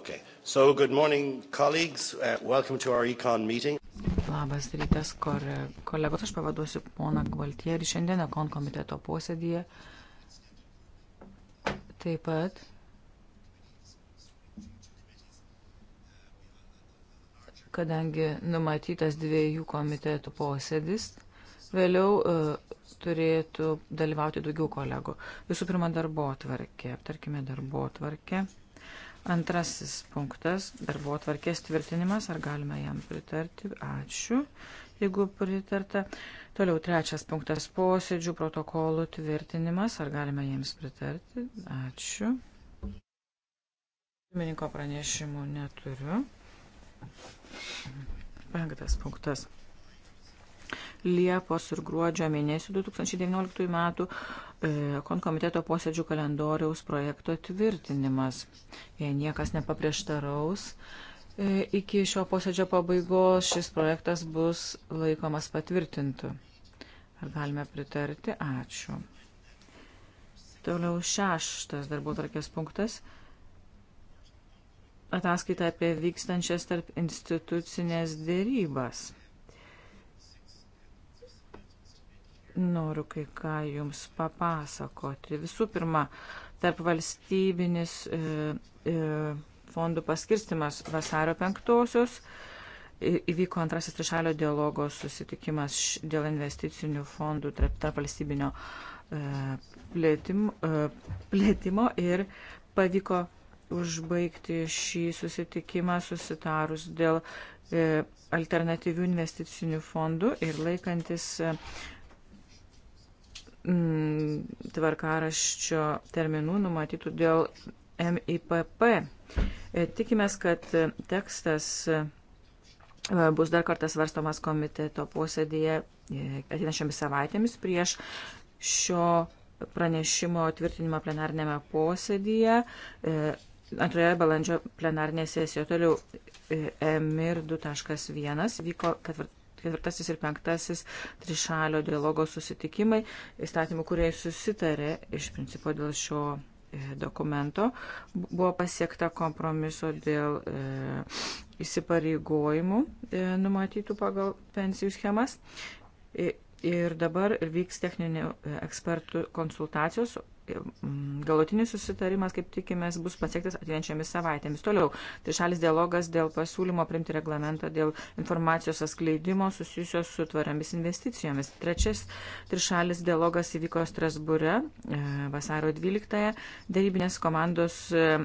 Okay. So, good morning, colleagues. Uh, welcome to our econ meeting. Labas rytas, kor, kolegos, aš pavaduosiu poną Gvaltierį šiandien ekon komiteto posėdėje. Taip pat kadangi numatytas dviejų komitetų posėdis, vėliau uh, turėtų dalyvauti daugiau kolegų. Visų pirma, darbo tvarkė. Aptarkime darbo tvarkę. Antrasis punktas - darbo atvarkės tvirtinimas. Ar galime jam pritarti? Ačiū, jeigu pritarta. Toliau trečias punktas - posėdžių protokolų tvirtinimas. Ar galime jiems pritarti? Ačiū. Pirmininko pranešimų neturiu. Penktas punktas. Liepos ir gruodžio mėnesių 2019 metų E, konkomiteto posėdžių kalendoriaus projekto tvirtinimas. Jei niekas nepaprieštaraus, e, iki šio posėdžio pabaigos šis projektas bus laikomas patvirtintu. Ar galime pritarti? Ačiū. Toliau šeštas darbo tarkės punktas ataskaita apie vykstančias tarp institucinės dėrybas. Noriu kai ką Jums papasakoti. Visų pirma, tarp valstybinis e, e, fondų paskirstimas vasario penktosios. Įvyko antrasis trišalio dialogo susitikimas dėl investicinių fondų tarp, tarp valstybinio e, plėtimo, e, plėtimo ir pavyko užbaigti šį susitikimą susitarus dėl e, alternatyvių investicinių fondų ir laikantis e, mm, tvarkaraščio terminų numatytų dėl MIPP. E, tikimės, kad tekstas e, bus dar kartą svarstomas komiteto posėdėje e, ateinančiomis savaitėmis prieš šio pranešimo tvirtinimą plenarnėme posėdėje. Antroje balandžio plenarnėje sesijoje toliau EMIR 2.1 vyko ketvirtą ketvirtasis ir penktasis trišalio dialogo susitikimai, įstatymų, kurie susitarė iš principo dėl šio e, dokumento, buvo pasiekta kompromiso dėl e, įsipareigojimų e, numatytų pagal pensijų schemas. E, ir dabar vyks techninių e, ekspertų konsultacijos, galutinis susitarimas, kaip tikimės, bus pasiektas atvenčiamis savaitėmis. Toliau, trišalis dialogas dėl pasiūlymo priimti reglamentą dėl informacijos atskleidimo susijusios su tvariamis investicijomis. Trečias trišalis dialogas įvyko Strasbūre e, vasario 12-ąją. Darybinės komandos e,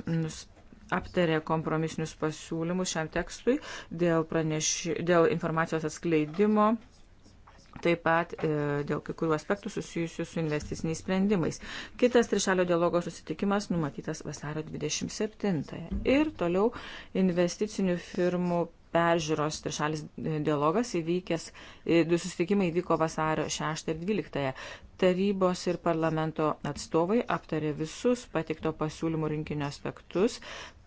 aptarė kompromisinius pasiūlymus šiam tekstui dėl, praneši, dėl informacijos atskleidimo taip pat e, dėl kai kurių aspektų susijusių su investiciniais sprendimais. Kitas trišalio dialogo susitikimas numatytas vasario 27. Ir toliau investicinių firmų peržiūros trišalis e, dialogas įvykęs, e, du susitikimai vyko vasario 6 ir 12. Tarybos ir parlamento atstovai aptarė visus patikto pasiūlymų rinkinio aspektus,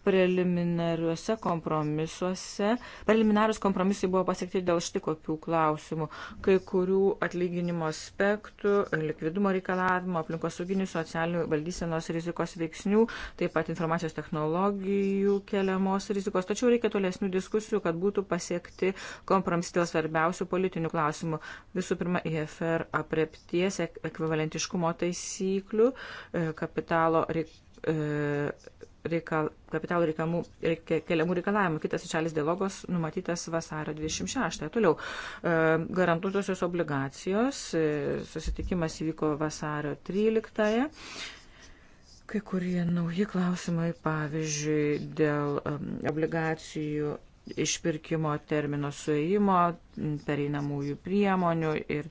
preliminariuose kompromisuose, preliminarius kompromisai buvo pasiekti dėl štikokių klausimų, kai kurių atlyginimo aspektų, likvidumo reikalavimo, aplinkosauginių, socialinių valdysenos rizikos veiksnių, taip pat informacijos technologijų keliamos rizikos. Tačiau reikia tolesnių diskusijų, kad būtų pasiekti kompromisai dėl svarbiausių politinių klausimų. Visų pirma, IFR aprepties ekvivalentiškumo taisyklių, e, kapitalo reikalavimų e, reikal, kapitalo reikamų, reikia, keliamų reikalavimų. Kitas šalis dialogos numatytas vasario 26. Toliau, e, garantuotosios obligacijos, e, susitikimas įvyko vasario 13. Kai kurie nauji klausimai, pavyzdžiui, dėl obligacijų išpirkimo termino suėjimo, pereinamųjų priemonių ir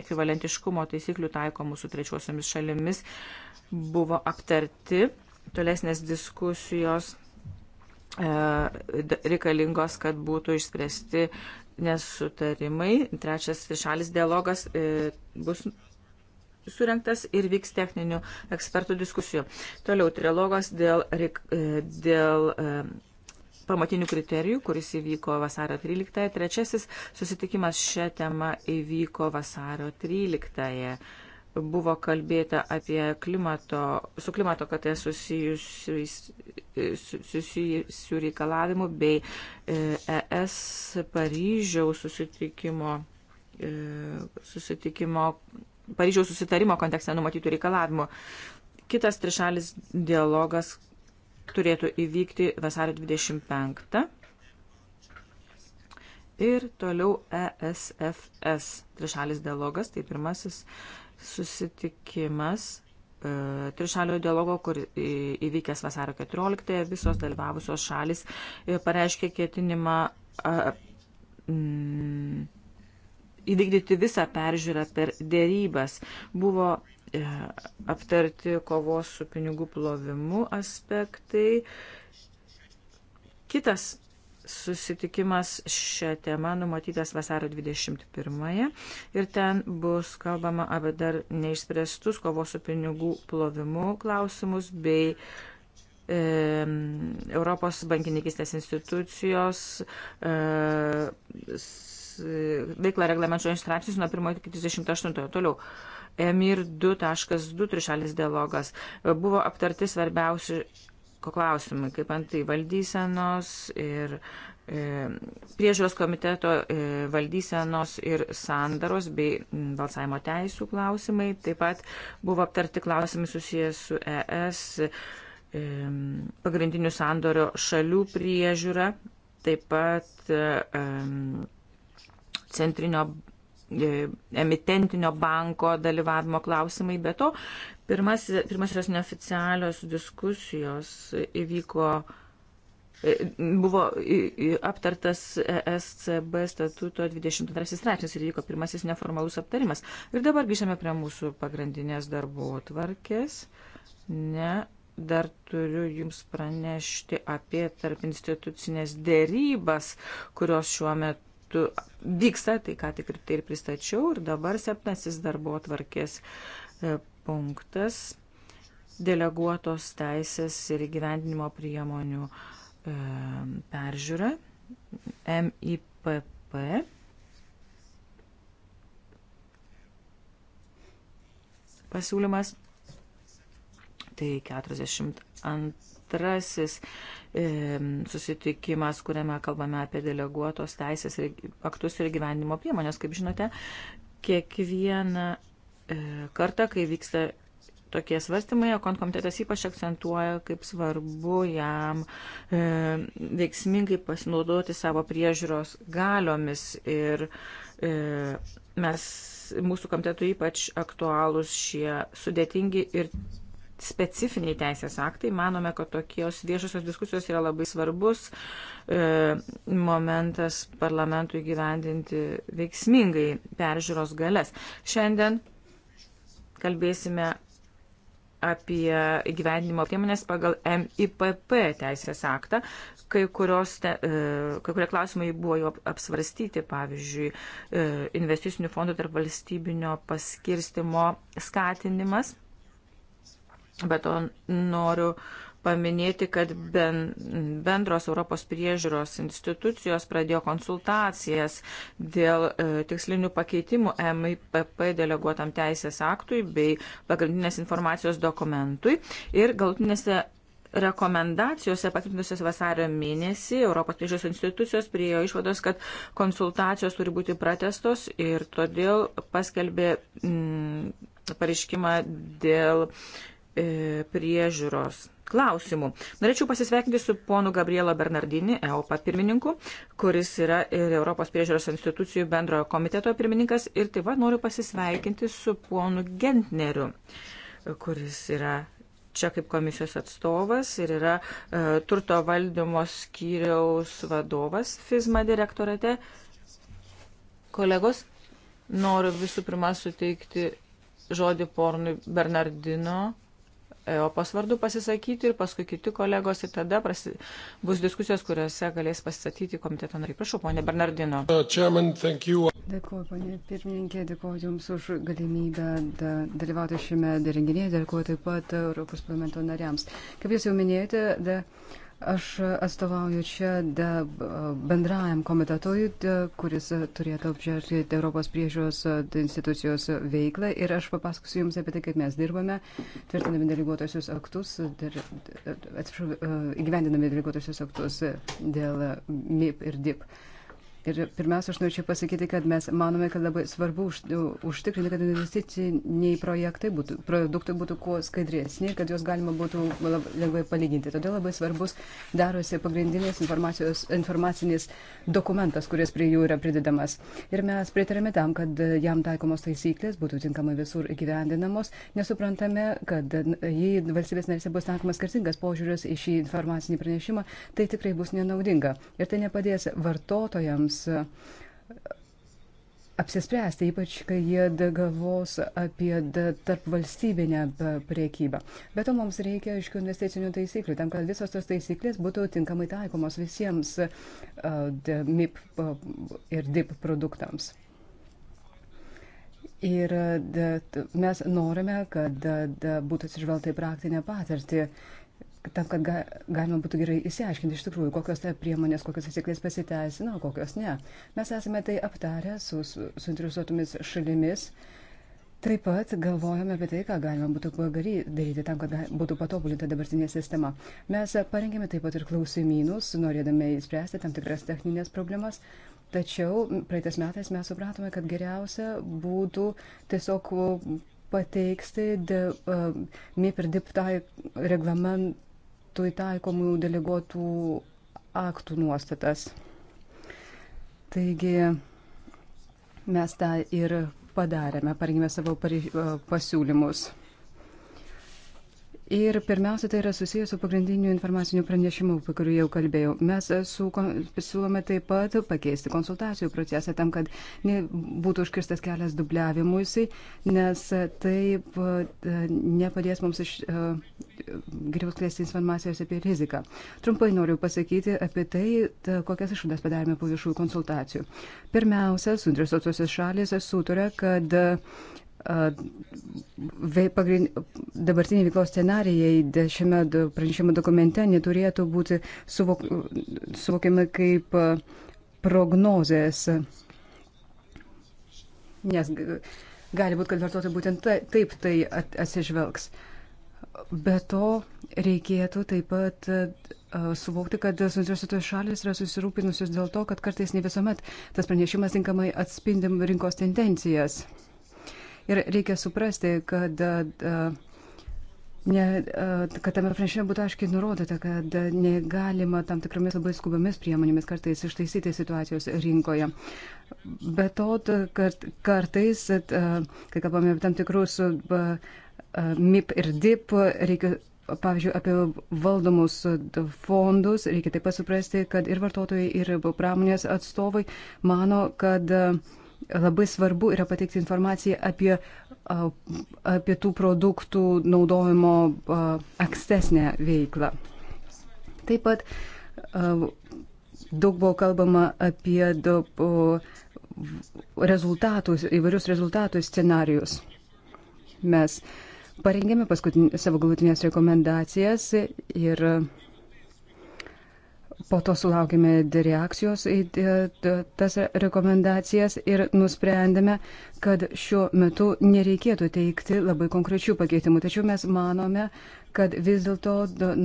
ekvivalentiškumo taisyklių taikomų su trečiosiomis šalimis buvo aptarti Tolesnės diskusijos e, reikalingos, kad būtų išspręsti nesutarimai. Trečias šalis dialogas e, bus surinktas ir vyks techninių ekspertų diskusijų. Toliau trilogas dėl, e, dėl pamatinių kriterijų, kuris įvyko vasario 13. Trečiasis susitikimas šią temą įvyko vasario 13 buvo kalbėta apie klimato, su klimato kaita susijusių susijusiu reikalavimų bei ES e Paryžiaus susitikimo, e, susitikimo, Paryžiaus susitarimo kontekste numatytų reikalavimų. Kitas trišalis dialogas turėtų įvykti vasario 25 ir toliau ESFS trišalis dialogas, tai pirmasis uh, susitikimas e, trišalio dialogo, kur įvykęs vasaro 14-ąją, visos dalyvavusios šalis e, pareiškė ketinimą įvykdyti visą peržiūrą per dėrybas. Buvo e, aptarti kovos su pinigų plovimu aspektai. Kitas susitikimas šią temą numatytas vasario 21 ir ten bus kalbama apie dar neišspręstus kovos su pinigų plovimu klausimus bei e, Europos bankininkistės institucijos e, veiklą reglamentuojančius straipsnius nuo 1 iki 38. Toliau. EMIR 2.2 trišalis dialogas. Buvo aptarti svarbiausi klausimai, kaip antai valdysenos ir e, priežiūros komiteto e, valdysenos ir sandaros bei balsavimo teisų klausimai. Taip pat buvo aptarti klausimai susijęs su ES e, pagrindinių sandorio šalių priežiūra, taip pat e, centrinio e, emitentinio banko dalyvavimo klausimai, bet to Pirmas, pirmasios neoficialios diskusijos įvyko, e, buvo aptartas ESCB statuto 22 straipsnis ir įvyko pirmasis neformalus aptarimas. Ir dabar grįžtame prie mūsų pagrindinės darbo tvarkės. Ne, dar turiu Jums pranešti apie tarp institucinės dėrybas, kurios šiuo metu vyksta, tai ką tik ir tai ir pristačiau. Ir dabar septintasis darbo tvarkės e, punktas - deleguotos teisės ir įgyvendinimo priemonių e, peržiūra MIPP. Pasiūlymas tai 42 e, susitikimas, kuriame kalbame apie deleguotos teisės ir aktus ir gyvenimo priemonės. Kaip žinote, kiekviena E, kartą, kai vyksta tokie svarstymai, konkomitetas ypač akcentuoja, kaip svarbu jam e, veiksmingai pasinaudoti savo priežiūros galiomis ir e, mes, mūsų komitetui ypač aktualūs šie sudėtingi ir specifiniai teisės aktai. Manome, kad tokios viešosios diskusijos yra labai svarbus e, momentas parlamentui gyvendinti veiksmingai peržiūros galės. Šiandien Kalbėsime apie įgyvendinimo priemonės pagal MIPP teisės aktą. Kai, kurios, te, e, kai kurie klausimai buvo jau apsvarstyti, pavyzdžiui, e, investicinių fondų tarp valstybinio paskirstimo skatinimas. Bet to noriu paminėti, kad ben, bendros Europos priežiūros institucijos pradėjo konsultacijas dėl e, tikslinių pakeitimų MIPP deleguotam teisės aktui bei pagrindinės informacijos dokumentui ir galutinėse rekomendacijose patvirtinusios vasario mėnesį Europos priežiūros institucijos priejo išvados, kad konsultacijos turi būti pratestos ir todėl paskelbė m, mm, pareiškimą dėl e, priežiūros klausimų. Norėčiau pasisveikinti su ponu Gabrielo Bernardini, EOPA pirmininku, kuris yra ir Europos priežiūros institucijų bendrojo komiteto pirmininkas ir taip pat noriu pasisveikinti su ponu Gentneriu, kuris yra čia kaip komisijos atstovas ir yra e, turto valdymo skyriaus vadovas FISMA direktorate. Kolegos, noriu visų pirma suteikti žodį pornui Bernardino EOPOS vardu pasisakyti ir paskui kiti kolegos ir tada prasi, bus diskusijos, kuriuose galės pasisakyti komiteto nariai. Prašau, ponė Bernardino. Uh, dėkuoju, ponė pirmininkė, dėkuoju Jums už galimybę da, dalyvauti šiame renginėje, dėkuoju taip pat Europos parlamento nariams. Kaip Jūs jau minėjote, da, de... Aš atstovauju čia da, bendrajam komitetui, da, kuris turėtų apžiūrėti Europos priežiūros institucijos veiklą ir aš papasakosiu Jums apie tai, kaip mes dirbame, tvirtinami deleguotosius aktus, atsiprašau, įgyvendinami deleguotosius aktus dėl MIP ir DIP. Uh, Ir pirmiausia, aš norėčiau pasakyti, kad mes manome, kad labai svarbu užtikrinti, kad investiciniai projektai būtų, produktai būtų kuo skaidresni, kad juos galima būtų lengvai palyginti. Todėl labai svarbus darosi pagrindinės informacinis dokumentas, kuris prie jų yra pridedamas. Ir mes pritarėme tam, kad jam taikomos taisyklės būtų tinkamai visur įgyvendinamos. Nesuprantame, kad jei valstybės narėse bus taikomas skirtingas požiūris į šį informacinį pranešimą, tai tikrai bus nenaudinga. Ir tai nepadės vartotojams piliečiams e, apsispręsti, ypač kai jie galvos apie tarp valstybinę priekybą. Bet to mums reikia aiškių investicinių taisyklių, tam, kad visos tos taisyklės būtų tinkamai taikomos visiems uh, e, MIP ir DIP produktams. Ir mes norime, kad būtų atsižvelgta į praktinę patirtį tam, kad ga, galima būtų gerai įsiaiškinti iš tikrųjų, kokios tai priemonės, kokios atsiklės pasiteisino, kokios ne. Mes esame tai aptarę su suinteresuotomis su šalimis. Taip pat galvojame apie tai, ką galima būtų daryti tam, kad būtų patobulinta dabartinė sistema. Mes parengėme taip pat ir klausimynus, norėdami įspręsti tam tikras techninės problemas. Tačiau praeitais metais mes supratome, kad geriausia būtų tiesiog pateikti MIP ir DIPTAI reglamentą parlamentui taikomų deleguotų aktų nuostatas. Taigi mes tą ir padarėme, parengėme savo pasiūlymus. Ir pirmiausia, tai yra susijęs su pagrindiniu informaciniu pranešimu, apie kurį jau kalbėjau. Mes e, su, siūlome taip pat pakeisti konsultacijų procesą tam, kad būtų užkirstas kelias dubliavimuisi, nes e, taip e, nepadės mums iš, geriau skleisti informacijos apie riziką. Trumpai noriu pasakyti apie tai, ta, kokias išvadas padarėme po viešųjų konsultacijų. Pirmiausia, suinteresuotosios šalės sutarė, kad dabartiniai veiklos scenarijai šiame pranešimo dokumente neturėtų būti suvok, suvokiami kaip prognozės. Nes gali būti, kad vartotojai būtent taip tai atsižvelgs. Be to reikėtų taip pat suvokti, kad suinteresuotos šalis yra susirūpinusios dėl to, kad kartais ne visuomet tas pranešimas tinkamai atspindim rinkos tendencijas. Ir reikia suprasti, kad, e, ne, e, kad tame pranešime būtų aiškiai nurodyta, kad negalima tam tikromis labai skubomis priemonėmis kartais ištaisyti situacijos rinkoje. Be to, kad kartais, e, kai kalbame apie tam tikrus MIP ir DIP, reikia pavyzdžiui, apie valdomus fondus, reikia taip pat suprasti, kad ir vartotojai, ir pramonės atstovai mano, kad uh, labai svarbu yra pateikti informaciją apie, apie tų produktų naudojimo ankstesnę veiklą. Taip pat daug buvo kalbama apie rezultatus, įvairius rezultatų scenarius. Mes parengėme savo galutinės rekomendacijas ir uh, Po to sulaukėme reakcijos į e, tas rekomendacijas ir nusprendėme, kad šiuo metu nereikėtų teikti labai konkrečių pakeitimų. Tačiau mes manome, kad vis dėlto,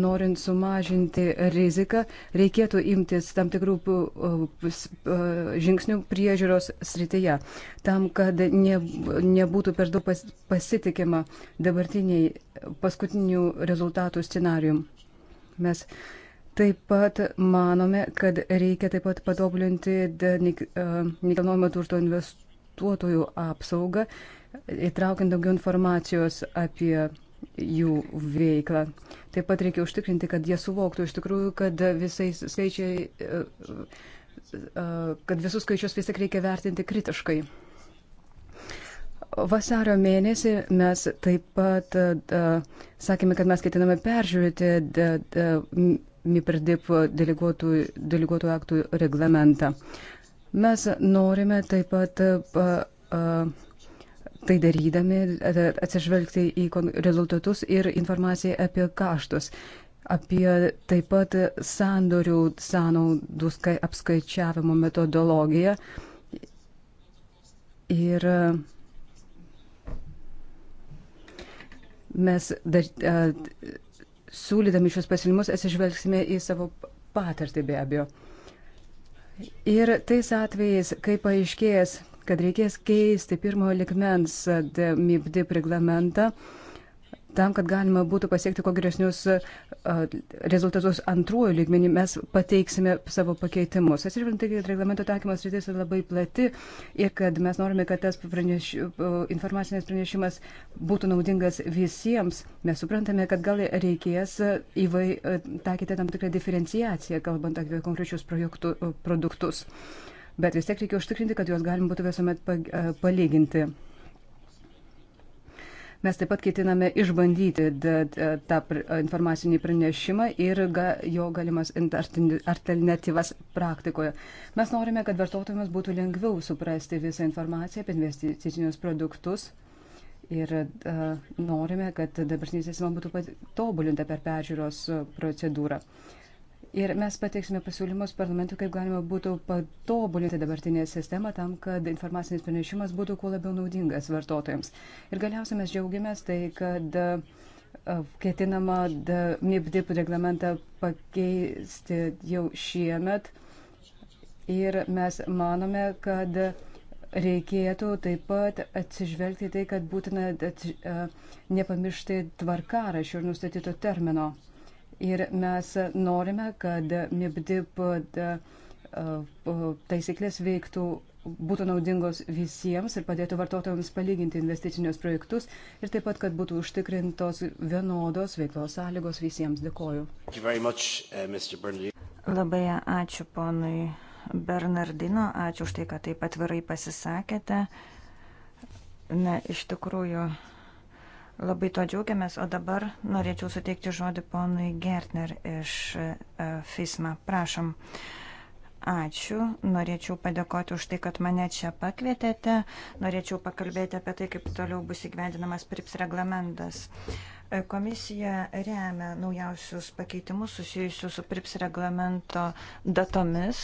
norint sumažinti riziką, reikėtų imtis tam tikrų žingsnių priežiūros srityje, tam, kad ne, nebūtų per daug pas, pasitikima dabartiniai paskutinių rezultatų scenarium. Mes Taip pat manome, kad reikia taip pat patobulinti e, nekilnojamo turto investuotojų apsaugą, įtraukiant daugiau informacijos apie jų veiklą. Taip pat reikia užtikrinti, kad jie suvoktų iš tikrųjų, kad visais skaičiai, e, e, kad visus skaičius vis tik reikia vertinti kritiškai. Vasario mėnesį mes taip pat sakėme, kad mes ketiname peržiūrėti MIPRDIP deleguotų, deleguotų aktų reglamentą. Mes norime taip pat a, a, tai darydami atsižvelgti į rezultatus ir informaciją apie kaštus, apie taip pat sandorių sąnaudų apskaičiavimo metodologiją ir mes dar, a, siūlydami šios pasiūlymus atsižvelgsime į savo patirtį be abejo. Ir tais atvejais, kai paaiškės, kad reikės keisti pirmojo likmens MIPD reglamentą, uh, tam, kad galima būtų pasiekti kuo geresnius rezultatus antruoju lygmenį, mes pateiksime savo pakeitimus. Atsižvelgiant, kad reglamento taikymas rytis yra labai plati ir kad mes norime, kad tas praneš, informacinės pranešimas būtų naudingas visiems, mes suprantame, kad gal reikės įvai, taikyti tam tikrą diferenciaciją, kalbant apie konkrečius projektų, produktus. Bet vis tiek reikia užtikrinti, kad juos galima būtų visuomet palyginti. Mes taip pat ketiname išbandyti tą informacinį pranešimą ir jo galimas alternatyvas praktikoje. Mes norime, kad vartotojams būtų lengviau suprasti visą informaciją apie investicinius produktus. Ir uh, norime, kad dabartinė sistema būtų patobulinta per peržiūros procedūrą. Uh, Ir mes pateiksime pasiūlymus parlamentui, kaip galima būtų patobulinti dabartinę sistemą tam, kad informacinis pranešimas būtų kuo labiau naudingas vartotojams. Ir galiausiai mes džiaugiamės tai, kad ketinama MIPDIP reglamentą pakeisti jau šiemet. Ir mes manome, kad reikėtų taip pat atsižvelgti tai, kad būtina nepamiršti tvarkarašio ir nustatyto termino. Ir mes norime, kad MIBDIP taisyklės veiktų, būtų naudingos visiems ir padėtų vartotojams palyginti investicinius projektus ir taip pat, kad būtų užtikrintos vienodos veiklos sąlygos visiems. Dėkoju. Much, uh, Labai ačiū ponui Bernardino, ačiū už tai, kad taip atvirai pasisakėte. Na, iš tikrųjų. Labai to džiaugiamės, o dabar norėčiau suteikti žodį ponui Gertner iš e, FISMA. Prašom. Ačiū. Norėčiau padėkoti už tai, kad mane čia pakvietėte. Norėčiau pakalbėti apie tai, kaip toliau bus įgyvendinamas PRIPS reglamentas. E, komisija remia naujausius pakeitimus susijusius su PRIPS reglamento datomis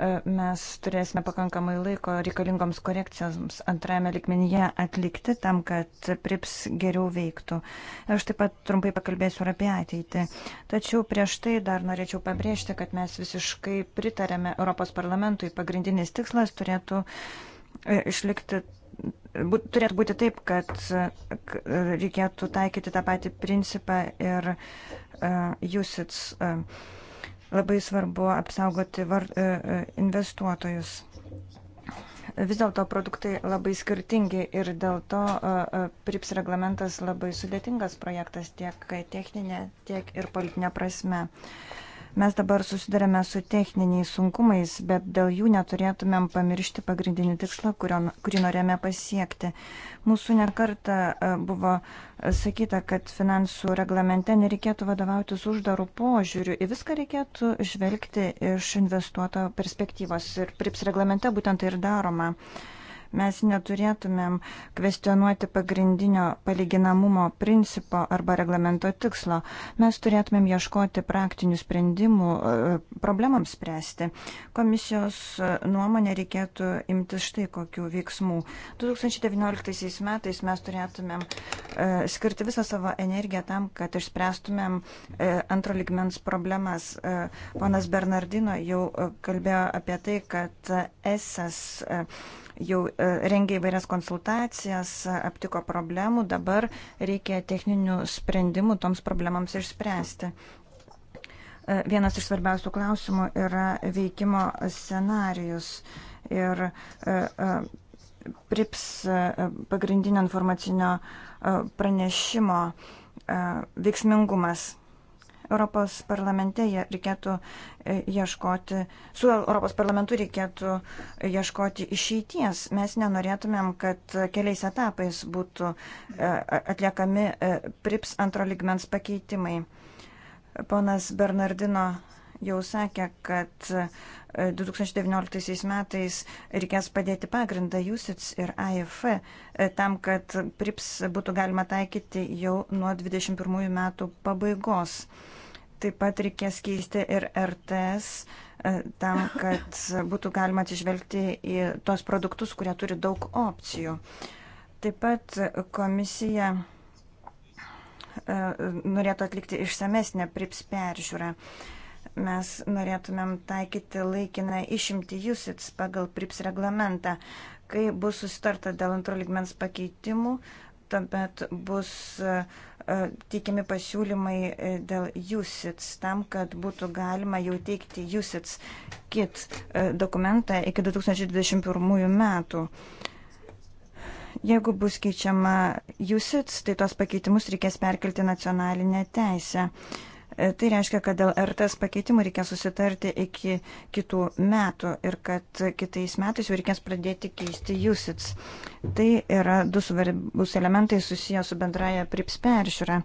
E, mes turėsime pakankamai laiko reikalingoms korekcijoms antrajame likmenyje atlikti tam, kad PRIPS geriau veiktų. Aš taip pat trumpai pakalbėsiu ir apie ateitį. Tačiau prieš tai dar norėčiau pabrėžti, kad mes visiškai pritarėme Europos parlamentui. Pagrindinis tikslas turėtų e, išlikti. Būt, turėtų būti taip, kad e, reikėtų taikyti tą patį principą ir uh, usits. Uh, Labai svarbu apsaugoti var, e, e, investuotojus. Vis dėlto produktai labai skirtingi ir dėl to e, PRIPS reglamentas labai sudėtingas projektas tiek techninė, tiek ir politinė prasme. Uh, Mes dabar susidarėme su techniniais sunkumais, bet dėl jų neturėtumėm pamiršti pagrindinį tikslą, kurio, kurį norėjome pasiekti. Mūsų nekarta e, buvo sakyta, kad finansų reglamente nereikėtų vadovautis uždarų požiūrių. Į viską reikėtų žvelgti iš investuoto perspektyvos ir prips reglamente būtent tai ir daroma. Uh, Mes neturėtumėm kvestionuoti pagrindinio palyginamumo principo arba reglamento tikslo. Mes turėtumėm ieškoti praktinių sprendimų e, problemams spręsti. Komisijos e, nuomonė reikėtų imtis štai kokių veiksmų. 2019 metais mes turėtumėm e, skirti visą savo energiją tam, kad išspręstumėm antro ligmens problemas. Ponas Bernardino jau kalbėjo apie tai, kad esas jau e, rengė įvairias konsultacijas, aptiko problemų, dabar reikia techninių sprendimų toms problemams išspręsti. E, vienas iš svarbiausių klausimų yra veikimo scenarius. Ir e, PRIPS pagrindinio informacinio pranešimo veiksmingumas Europos parlamente reikėtų e, ieškoti, su Europos parlamentu reikėtų e, ieškoti išeities. Mes nenorėtumėm, kad keliais etapais būtų e, atliekami prips antro ligmens pakeitimai. Ponas Bernardino jau sakė, kad 2019 metais reikės padėti pagrindą USITS ir AIF tam, kad PRIPS būtų galima taikyti jau nuo 2021 metų pabaigos. Taip pat reikės keisti ir RTS e, tam, kad būtų galima atsižvelgti į tos produktus, kurie turi daug opcijų. Taip pat komisija e, norėtų atlikti išsamesnę prips peržiūrą. Mes norėtumėm taikyti laikiną išimti jūsits pagal prips reglamentą. Kai bus susitarta dėl antro ligmens pakeitimų, tuomet bus e, teikiami pasiūlymai e, dėl USITS, tam, kad būtų galima jau teikti USITS kit e, dokumentą iki 2021 metų. Jeigu bus keičiama USITS, tai tos pakeitimus reikės perkelti nacionalinę teisę. Uh, E, tai reiškia, kad dėl RTS pakeitimų reikia susitarti iki kitų metų ir kad kitais metais jau reikės pradėti keisti USITS. Tai yra du svarbus elementai susiję su bendraja PRIPS peržiūra.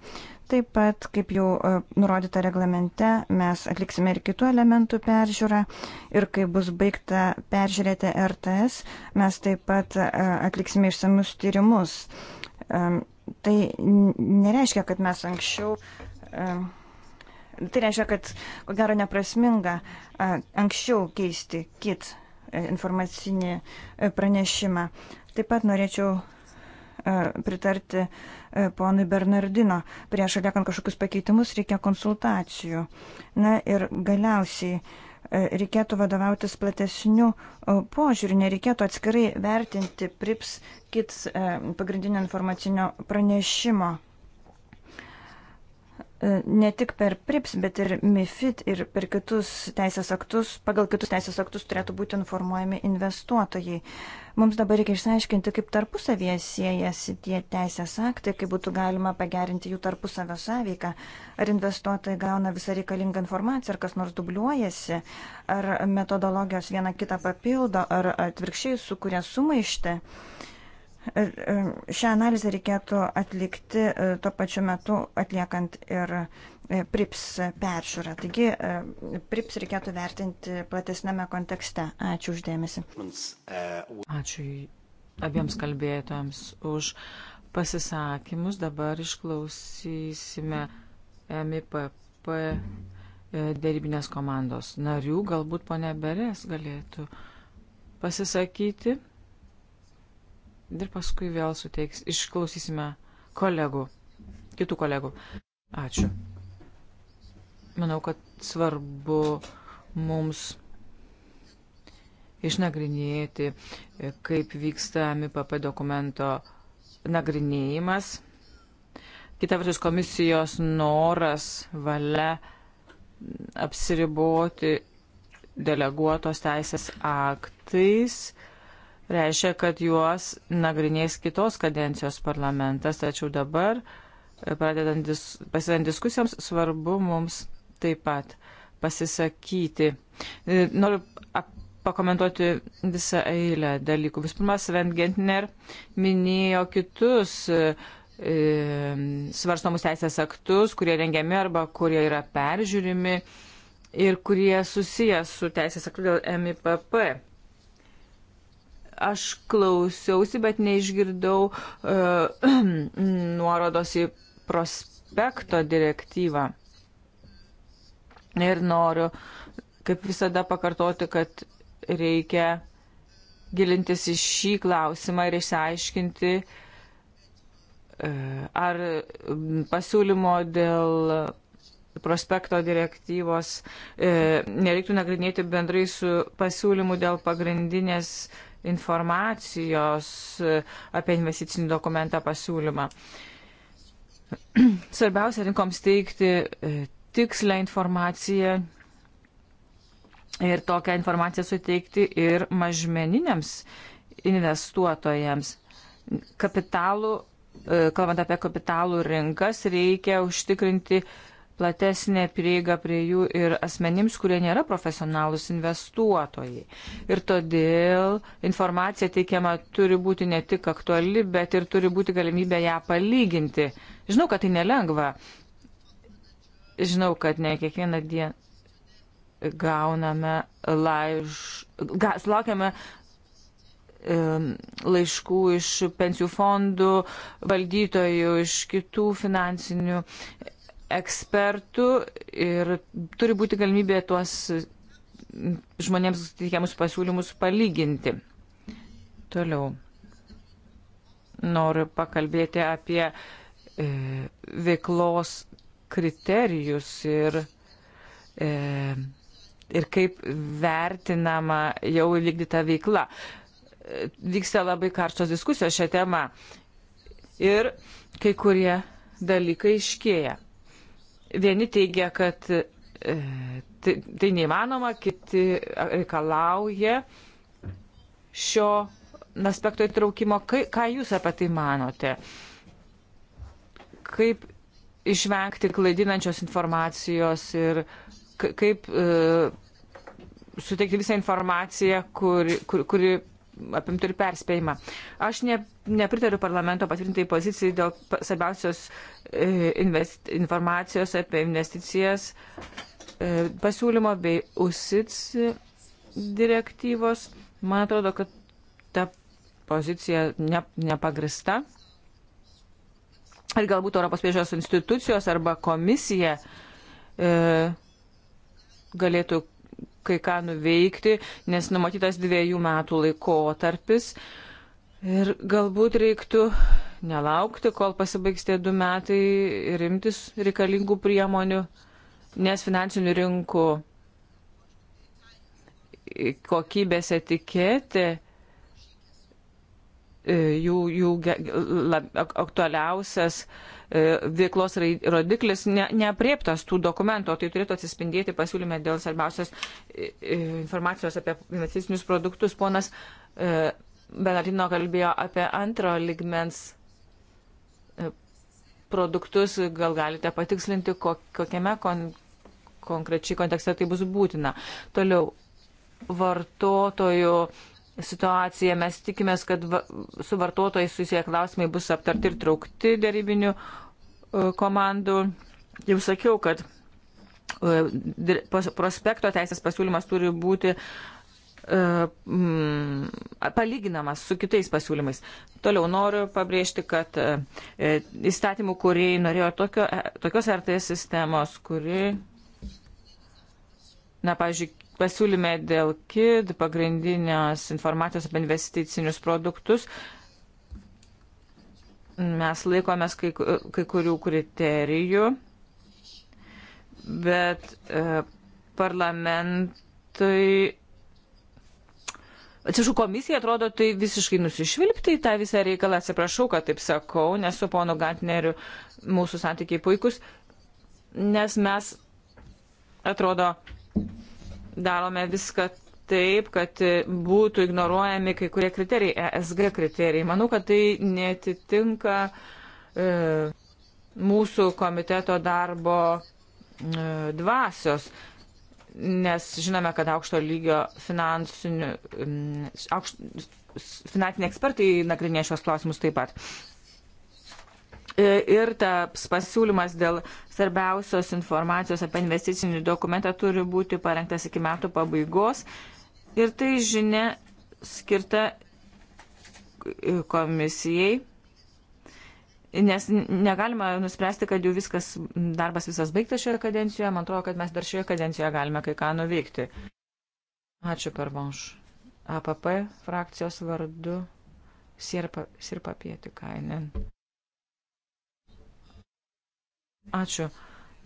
Taip pat, kaip jau e, nurodyta reglamente, mes atliksime ir kitų elementų peržiūrą ir kai bus baigta peržiūrėti RTS, mes taip pat e, atliksime išsamius tyrimus. Tai nereiškia, kad mes anksčiau. Uh Tai reiškia, kad ko gero neprasminga anksčiau keisti kit e, informacinį e, pranešimą. Taip pat norėčiau e, pritarti ponui Bernardino. Prieš atliekant kažkokius pakeitimus reikia konsultacijų. Na ir galiausiai reikėtų vadovautis platesniu požiūriu, nereikėtų atskirai vertinti PRIPS kits pagrindinio informacinio pranešimo. E, ne tik per PRIPS, bet ir MIFID ir per kitus teisės aktus, pagal kitus teisės aktus turėtų būti informuojami investuotojai. Mums dabar reikia išsiaiškinti, kaip tarpusavėje siejasi tie teisės aktai, kaip būtų galima pagerinti jų tarpusavio sąveiką. Ar investuotojai gauna visą reikalingą informaciją, ar kas nors dubliuojasi, ar metodologijos viena kitą papildo, ar atvirkščiai sukuria sumaištį. Uh, E, šią analizę reikėtų atlikti e, tuo pačiu metu atliekant ir e, PRIPS peržiūrą. Taigi PRIPS reikėtų vertinti platesnėme kontekste. Ačiū uždėmesi. Ačiū abiems kalbėtojams už pasisakymus. Dabar išklausysime MIPP dėrybinės komandos narių. Galbūt ponia Beres galėtų pasisakyti. Ir paskui vėl suteiks, išklausysime kolegų, kitų kolegų. Ačiū. Manau, kad svarbu mums išnagrinėti, kaip vyksta MIPP dokumento nagrinėjimas. Kita vertus komisijos noras, valia apsiriboti deleguotos teisės aktais reiškia, kad juos nagrinės kitos kadencijos parlamentas, tačiau dabar, e, pradedant dis, pasidant diskusijoms, svarbu mums taip pat pasisakyti. E, noriu pakomentuoti visą eilę dalykų. Vis pirma, Sven Gentner minėjo kitus e, svarstomus teisės aktus, kurie rengiami arba kurie yra peržiūrimi ir kurie susijęs su teisės aktu dėl MIPP. Aš klausiausi, bet neišgirdau uh, nuorodos į prospekto direktyvą. Ir noriu, kaip visada, pakartoti, kad reikia gilintis į šį klausimą ir išsiaiškinti, e, ar pasiūlymo dėl prospekto direktyvos e, nereiktų nagrinėti bendrai su pasiūlymu dėl pagrindinės informacijos e, apie investicinį dokumentą pasiūlymą. Svarbiausia rinkoms teikti e, tikslę informaciją ir tokią informaciją suteikti ir mažmeniniams investuotojams. Kapitalų, e, kalbant apie kapitalų rinkas, reikia užtikrinti platesnė prieiga prie jų ir asmenims, kurie nėra profesionalūs investuotojai. Ir todėl informacija teikiama turi būti ne tik aktuali, bet ir turi būti galimybė ją palyginti. Žinau, kad tai nelengva. Žinau, kad ne kiekvieną dieną gauname laiš... Ga, laukiame laiškų iš pensijų fondų, valdytojų, iš kitų finansinių ekspertų ir turi būti galimybė tuos žmonėms teikiamus pasiūlymus palyginti. Toliau noriu pakalbėti apie e, veiklos kriterijus ir, e, ir kaip vertinama jau įvykdyta veikla. Vyksta labai karštos diskusijos šią temą ir kai kurie dalykai iškėja. Vieni teigia, kad e, tai, tai neįmanoma, kiti reikalauja šio aspekto įtraukimo. Kai, ką Jūs apie tai manote? Kaip išvengti klaidinančios informacijos ir kaip e, suteikti visą informaciją, kuri, kur, kuri apimtų ir perspėjimą. Aš ne, nepritariu parlamento patvirtintai pozicijai dėl svarbiausios e, invest, informacijos apie investicijas e, pasiūlymo bei USITS direktyvos. Man atrodo, kad ta pozicija ne, nepagrista. Ir galbūt Europos priežiūros institucijos arba komisija e, galėtų kai ką nuveikti, nes numatytas dviejų metų laikotarpis. Ir galbūt reiktų nelaukti, kol pasibaigs tie du metai ir imtis reikalingų priemonių, nes finansinių rinkų kokybės etiketė E, jų, jų lab, aktualiausias e, veiklos rodiklis ne, neapriektas tų dokumentų, o tai turėtų atsispindėti pasiūlyme dėl svarbiausios e, informacijos apie investicinius produktus. Ponas Benarino kalbėjo apie antro ligmens produktus, gal galite patikslinti, kokiame kon, konkrečiai kontekste tai bus būtina. Toliau, vartotojų situaciją. Mes tikimės, kad va, su vartotojais susiję klausimai bus aptarti ir traukti darybinių e, komandų. Jau sakiau, kad e, prospekto teisės pasiūlymas turi būti e, palyginamas su kitais pasiūlymais. Toliau noriu pabrėžti, kad įstatymų, kuriai norėjo tokio, tokios RTS sistemos, kuri, na, pavyzdžiui, pasiūlyme dėl KID pagrindinės informacijos apie investicinius produktus. Mes laikomės kai, kai kurių kriterijų, bet e, parlamentui, atsiprašau, komisija atrodo tai visiškai nusišvilpti į tą visą reikalą, atsiprašau, kad taip sakau, nes su ponu Gantneriu mūsų santykiai puikus, nes mes atrodo darome viską taip, kad būtų ignoruojami kai kurie kriterijai, ESG kriterijai. Manau, kad tai netitinka e, mūsų komiteto darbo e, dvasios, nes žinome, kad aukšto lygio finansinių, aukšt, finansiniai ekspertai nagrinė šios klausimus taip pat. E, ir tas pasiūlymas dėl svarbiausios informacijos apie investicinį dokumentą turi būti parengtas iki metų pabaigos. Ir tai žinia skirta e, komisijai, nes negalima nuspręsti, kad jau viskas, darbas visas baigtas šioje kadencijoje. Man atrodo, kad mes dar šioje kadencijoje galime kai ką nuveikti. Ačiū per vanš. APP frakcijos vardu Sirpa, sirpa Pietikainen. Ačiū.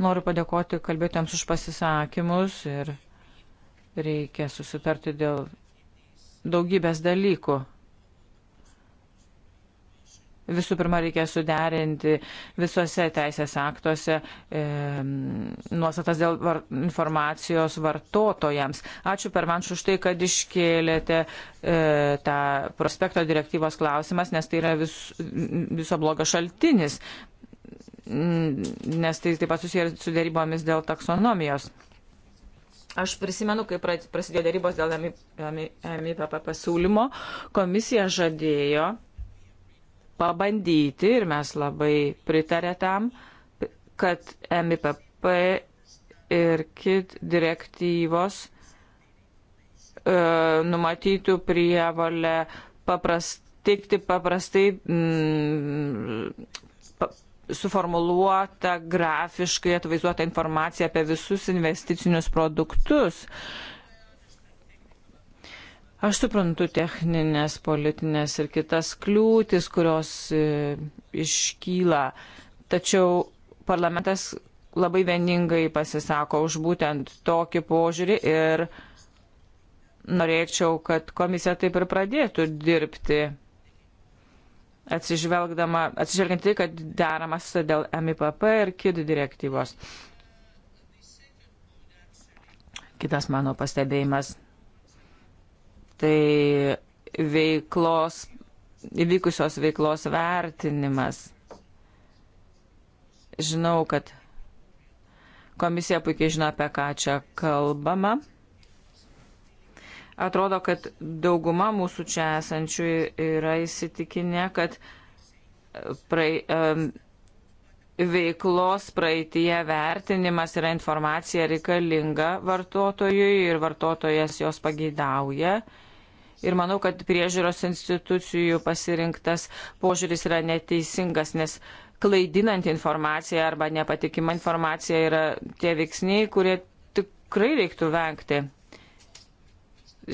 Noriu padėkoti kalbėtėms už pasisakymus ir reikia susitarti dėl daugybės dalykų. Visų pirma, reikia suderinti visose teisės aktuose e, nuostatas dėl var, informacijos vartotojams. Ačiū per man už tai, kad iškėlėte e, tą prospekto direktyvos klausimas, nes tai yra vis, viso blogo šaltinis. Mm, nes tai taip pat susiję su dėrybomis dėl taksonomijos. Aš prisimenu, kai prasidėjo dėrybos dėl MIPP pasiūlymo, komisija žadėjo pabandyti, ir mes labai pritarė tam, kad MIPP ir kit direktyvos e, numatytų prievalę paprast, tikti paprastai mm, pa, suformuluota grafiškai atvaizduota informacija apie visus investicinius produktus. Aš suprantu techninės, politinės ir kitas kliūtis, kurios e, iškyla, tačiau parlamentas labai vieningai pasisako už būtent tokį požiūrį ir norėčiau, kad komisija taip ir pradėtų dirbti atsižvelgiant tai, kad deramas dėl MIPP ir KID direktyvos. Kitas mano pastebėjimas. Tai veiklos, įvykusios veiklos vertinimas. Žinau, kad komisija puikiai žino, apie ką čia kalbama. Atrodo, kad dauguma mūsų čia esančių yra įsitikinę, kad e, praei, um, veiklos praeitie vertinimas yra informacija reikalinga vartotojui ir vartotojas jos pageidauja. Ir manau, kad priežiūros institucijų pasirinktas požiūris yra neteisingas, nes klaidinanti informacija arba nepatikima informacija yra tie veiksniai, kurie tikrai reiktų vengti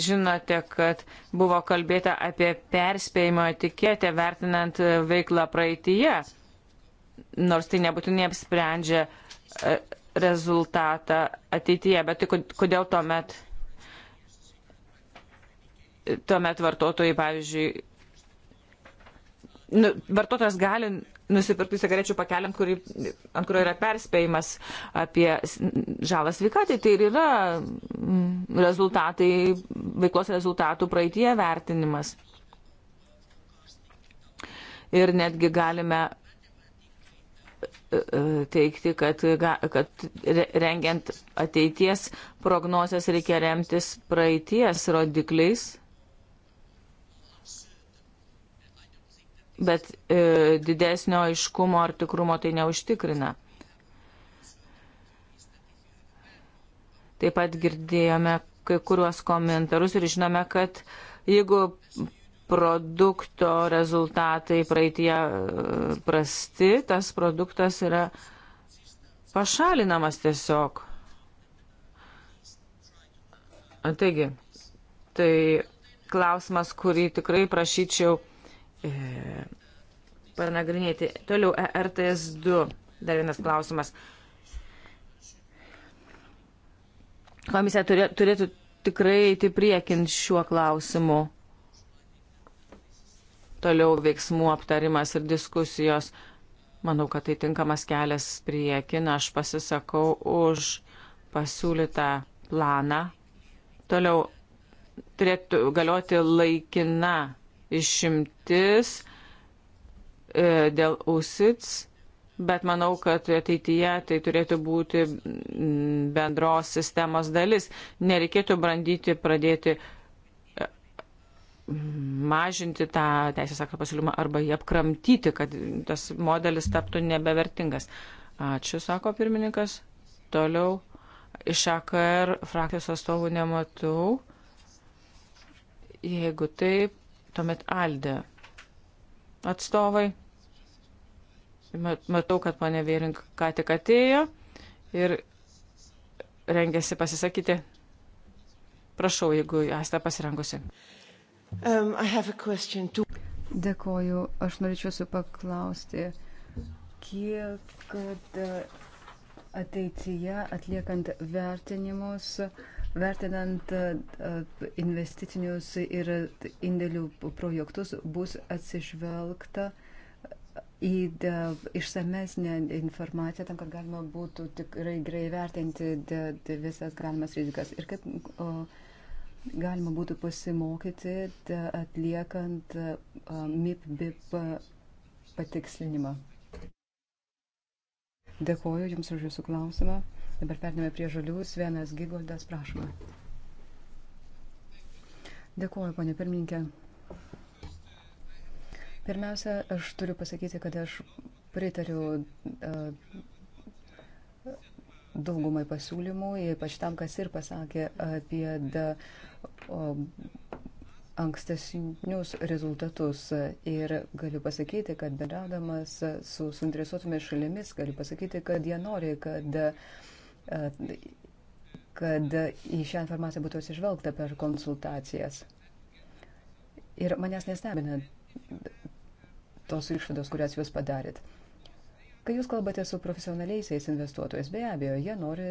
žinote, kad buvo kalbėta apie perspėjimo etiketę vertinant veiklą praeitįje, nors tai nebūtinai apsprendžia e, rezultatą ateityje, bet tai kodėl tuomet, tuomet vartotojai, pavyzdžiui, nu, vartotojas gali nusipirktų cigarečių pakelį, ant, kurį, ant kurio yra perspėjimas apie žalą sveikatai. Tai ir yra mm, rezultatai, veiklos rezultatų praeitie vertinimas. Ir netgi galime e, e, teikti, kad, kad rengiant ateities prognozes reikia remtis praeities rodikliais bet e, didesnio aiškumo ar tikrumo tai neužtikrina. Taip pat girdėjome kai kuriuos komentarus ir žinome, kad jeigu produkto rezultatai praeitie e, prasti, tas produktas yra pašalinamas tiesiog. Taigi, tai klausimas, kurį tikrai prašyčiau e, panagrinėti. Toliau ERTS 2. Dar vienas klausimas. Komisija turė, turėtų tikrai eiti priekin šiuo klausimu. Toliau veiksmų aptarimas ir diskusijos. Manau, kad tai tinkamas kelias priekin. Aš pasisakau už pasiūlytą planą. Toliau turėtų galioti laikina išimtis e, dėl USITS, bet manau, kad ateityje tai turėtų būti mm, bendros sistemos dalis. Nereikėtų bandyti pradėti e, mažinti tą teisės akto pasiūlymą arba jį apkramtyti, kad tas modelis taptų nebevertingas. Ačiū, sako pirmininkas. Toliau iš AKR frakcijos atstovų nematau. Jeigu taip, Tuomet Aldė atstovai. Matau, kad ponė Vėrink ką tik atėjo ir rengiasi pasisakyti. Prašau, jeigu esate pasirengusi. Um, to... Dėkoju. Aš norėčiau jūsų paklausti, kiek kad uh, ateityje atliekant vertinimus uh, vertinant e, e, investicinius ir indėlių projektus bus atsižvelgta į e, išsamesnę informaciją, tam, kad galima būtų tikrai gerai vertinti visas galimas rizikas ir kaip o, galima būtų pasimokyti de, atliekant MIP-BIP patikslinimą. Dėkoju Jums už Jūsų klausimą. Dabar pernėme prie žalių. Svenas Gigoldas, prašoma. Dėkuoju, ponė pirmininkė. Pirmiausia, aš turiu pasakyti, kad aš pritariu e, daugumai pasiūlymų, ypač tam, kas ir pasakė apie da, o, ankstesnius rezultatus. Ir galiu pasakyti, kad bendraudamas su suinteresuotomis šalimis, galiu pasakyti, kad jie nori, kad uh, kad į šią informaciją būtų atsižvelgta per konsultacijas. Ir manęs nestebina tos išvados, kurias jūs padarėt. Kai jūs kalbate su profesionaliaisiais investuotojais, be abejo, jie nori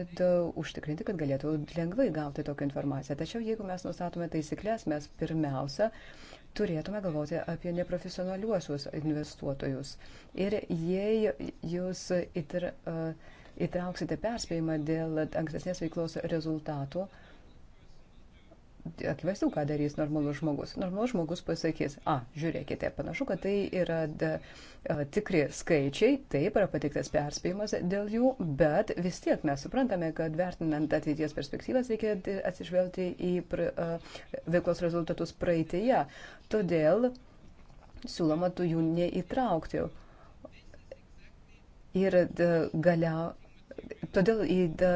užtikrinti, kad galėtų lengvai gauti tokią informaciją. Tačiau jeigu mes nustatome taisyklės, mes pirmiausia turėtume galvoti apie neprofesionaliuosius investuotojus. Ir jei jūs įtar, uh, įtrauksite perspėjimą dėl ankstesnės veiklos rezultatų, akivaizdu, ką darys normalus žmogus. Normalus žmogus pasakys, a, žiūrėkite, panašu, kad tai yra da, a, tikri skaičiai, taip yra patiktas perspėjimas dėl jų, bet vis tiek mes suprantame, kad vertinant ateities perspektyvas reikia atsižvelgti į pr, a, veiklos rezultatus praeitėje. Todėl siūloma tų jų neįtraukti. Ir da, galia, Todėl į da,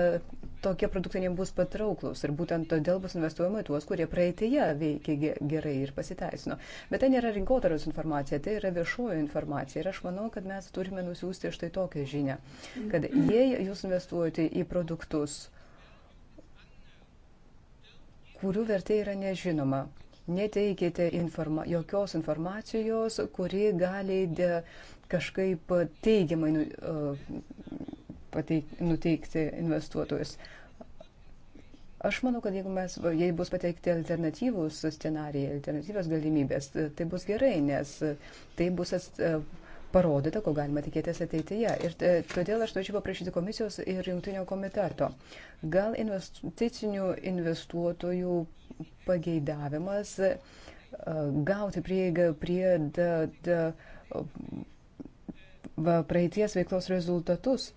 tokie produktai nebus patrauklus ir būtent todėl bus investuojama į tuos, kurie praeitėje veikia gerai ir pasiteisino. Bet tai nėra rinkodaros informacija, tai yra viešoji informacija ir aš manau, kad mes turime nusiųsti štai tokią žinią, kad jei jūs investuojate į produktus, kurių vertė yra nežinoma, neteikite informa jokios informacijos, kuri gali de, kažkaip teigiamai uh, pateik, nuteikti investuotojus. Aš manau, kad jeigu mes, jei bus pateikti alternatyvūs scenarijai, alternatyvios galimybės, tai bus gerai, nes tai bus e, parodyta, ko galima tikėtis ateityje. Ir e, todėl aš norėčiau paprašyti komisijos ir jungtinio komiteto. Gal investicinių investuotojų pageidavimas e, gauti prieigą prie da, da, va, praeities veiklos rezultatus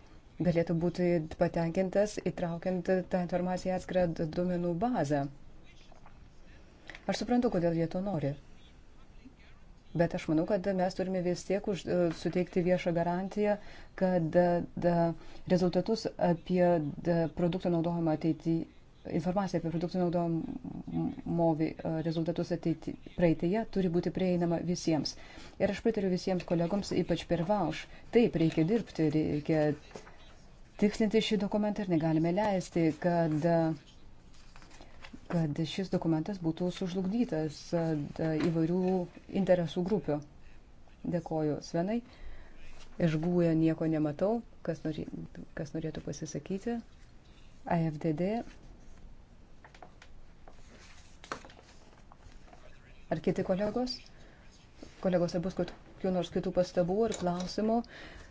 galėtų būti patenkintas įtraukiant tą informaciją atskirą duomenų bazę. Aš suprantu, kodėl jie to nori. Bet aš manau, kad mes turime vis tiek už, e, suteikti viešą garantiją, kad e, da, rezultatus apie da, produkto naudojimą ateityje, informacija apie produktų naudojimo e, rezultatus ateity, praeitėje turi būti prieinama visiems. Ir aš pritariu visiems kolegoms, ypač per vauš. Taip, reikia dirbti, reikia tikslinti šį dokumentą ir negalime leisti, kad, kad šis dokumentas būtų sužlugdytas e, įvairių interesų grupių. Dėkoju Svenai. Iš gūjo nieko nematau, kas, norė, kas norėtų pasisakyti. AFDD. Ar kiti kolegos? Kolegos, ar bus kokių nors kitų pastabų ir klausimų? Uh,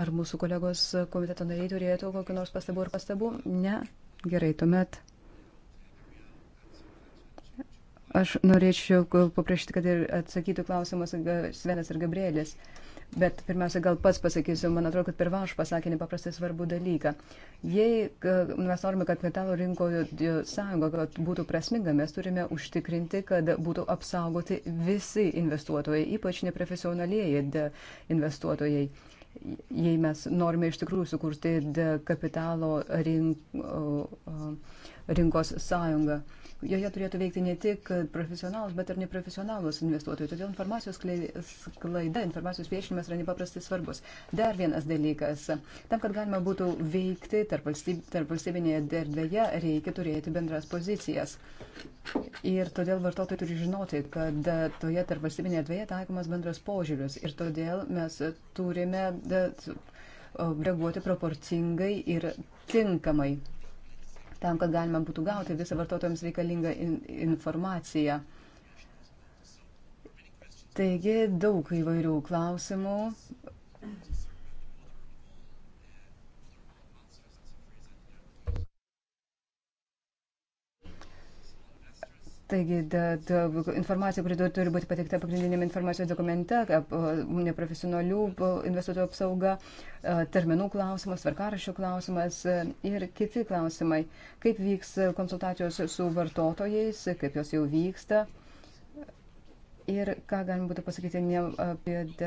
Ar mūsų kolegos komiteto nariai turėtų kokiu nors pastabu ar pastabu? Ne. Gerai, tuomet. Aš norėčiau paprašyti, kad ir atsakytų klausimas Svenas ir Gabrielis. Bet pirmiausia, gal pats pasakysiu, man atrodo, kad pirmą aš pasakė nepaprastai svarbų dalyką. Jei mes norime, kad kapitalo rinko e, sąjunga būtų prasminga, mes turime užtikrinti, kad būtų apsaugoti visi investuotojai, ypač neprofesionalieji investuotojai jei mes norime iš tikrųjų sukurti kapitalo rink, rinkos sąjunga. Joje turėtų veikti ne tik profesionalus, bet ir neprofesionalus investuotojai. Todėl informacijos klaida, informacijos viešinimas yra nepaprastai svarbus. Dar vienas dalykas. Tam, kad galima būtų veikti tarp, valstyb, tarp valstybinėje erdvėje, reikia turėti bendras pozicijas. Ir todėl vartotojai turi žinoti, kad toje tarp valstybinėje erdvėje taikomas bendras požiūris. Ir todėl mes turime reaguoti proporcingai ir tinkamai tam, kad galima būtų gauti visą vartotojams reikalingą in informaciją. Taigi daug įvairių klausimų Taigi, da, da, informacija, kuri turi būti pateikta pagrindinėme informacijos dokumente, neprofesionalių investuotojų apsauga, terminų klausimas, tvarkaraščių klausimas ir kiti klausimai. Kaip vyks konsultacijos su vartotojais, kaip jos jau vyksta. Ir ką galima būtų pasakyti ne apie de,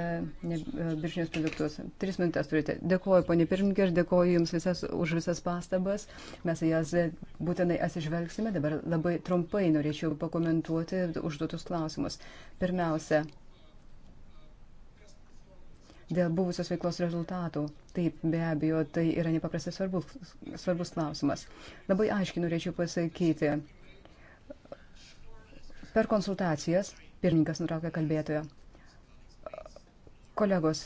ne, e, biržinius produktus. Tris minutės turite. Dėkuoju, ponė Pirmininkė, ir dėkuoju Jums visas, už visas pastabas. Mes jas būtinai atsižvelgsime. Dabar labai trumpai norėčiau pakomentuoti užduotus klausimus. Pirmiausia, dėl buvusios veiklos rezultatų. Taip, be abejo, tai yra nepaprastai svarbus, svarbus klausimas. Labai aiškiai norėčiau pasakyti, per konsultacijas Pirmininkas nutraukė kalbėtoją. Kolegos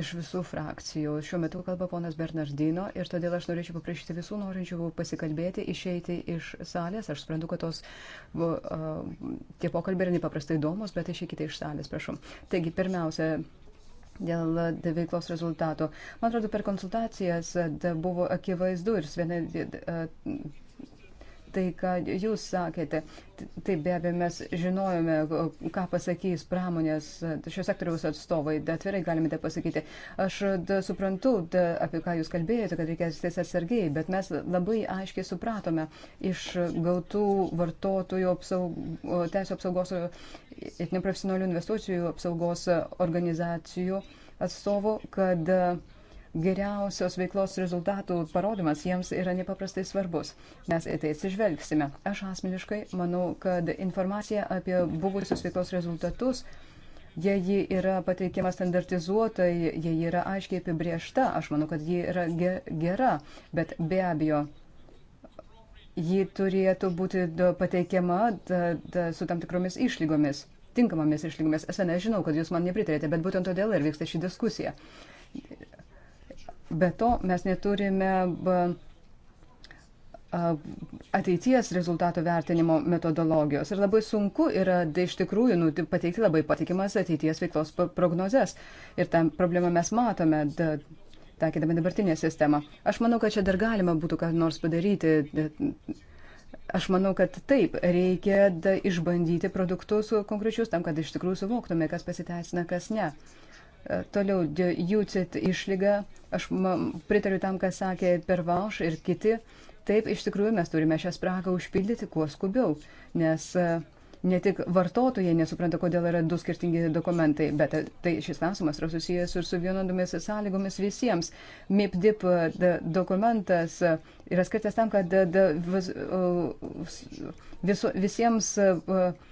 iš visų frakcijų. Šiuo metu kalba ponas Bernardino ir todėl aš norėčiau paprašyti visų norinčių pasikalbėti, išeiti iš salės. Aš suprantu, kad tos uh, tie pokalbiai yra nepaprastai įdomus, bet išeikite iš salės, prašau. Taigi, pirmiausia, dėl veiklos rezultato. Man atrodo, per konsultacijas buvo akivaizdu ir Svenė tai, ką jūs sakėte. Taip be abejo mes žinojome, ką pasakys pramonės šios sektoriaus atstovai, atvirai galime tai pasakyti. Aš da, suprantu, da, apie ką jūs kalbėjote, kad reikės ties atsargiai, bet mes labai aiškiai supratome iš gautų vartotojų apsaug, teisų apsaugos ir neprofesionalių investuotojų apsaugos organizacijų atstovų, kad da, geriausios veiklos rezultatų parodimas jiems yra nepaprastai svarbus. Mes į tai atsižvelgsime. Aš asmeniškai manau, kad informacija apie buvusius veiklos rezultatus, jei ji yra pateikiama standartizuotai, jei ji yra aiškiai apibriešta, aš manau, kad ji yra ge gera, bet be abejo. Ji turėtų būti pateikiama da, da, su tam tikromis išlygomis, tinkamomis išlygomis. Aš nežinau, kad jūs man nepritarėte, bet būtent todėl ir vyksta ši diskusija Be to, mes neturime ateities rezultatų vertinimo metodologijos. Ir labai sunku yra iš tikrųjų nu, pateikti labai patikimas ateities veiklos prognozes. Ir tą problemą mes matome, da, taikydami dabartinę sistemą. Aš manau, kad čia dar galima būtų ką nors padaryti. Aš manau, kad taip, reikia da, išbandyti produktus konkrečius tam, kad iš tikrųjų suvoktume, kas pasiteisina, kas ne. Uh, E, toliau, jūcit išlyga, aš pritariu tam, ką sakė Pervauš ir kiti. Taip, iš tikrųjų, mes turime šią spragą užpildyti kuo skubiau, nes e, ne tik vartotojai nesupranta, kodėl yra du skirtingi dokumentai, bet e, tai šis klausimas yra susijęs ir su vienodomis sąlygomis visiems. MIPDIP dokumentas yra skirtas tam, kad visu, visiems. Uh,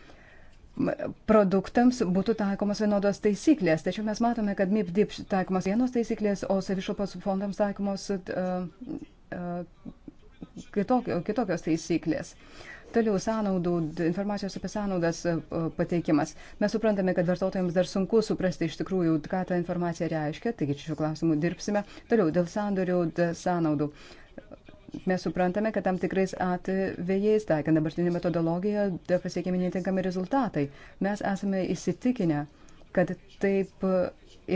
produktams būtų taikomos vienodos taisyklės. Tačiau mes matome, kad MIPDIP taikomos vienos taisyklės, o savišopos fondams taikomos uh, uh, kitokio, kitokios taisyklės. Toliau sąnaudų, informacijos apie sąnaudas e, pateikimas. Mes suprantame, kad vartotojams dar sunku suprasti iš tikrųjų, ką ta informacija reiškia, taigi šiuo klausimu dirbsime. Toliau dėl sandorių sąnaudų mes suprantame, kad tam tikrais atvejais, taikant dabartinį metodologiją, pasiekėme netinkami rezultatai. Mes esame įsitikinę, kad taip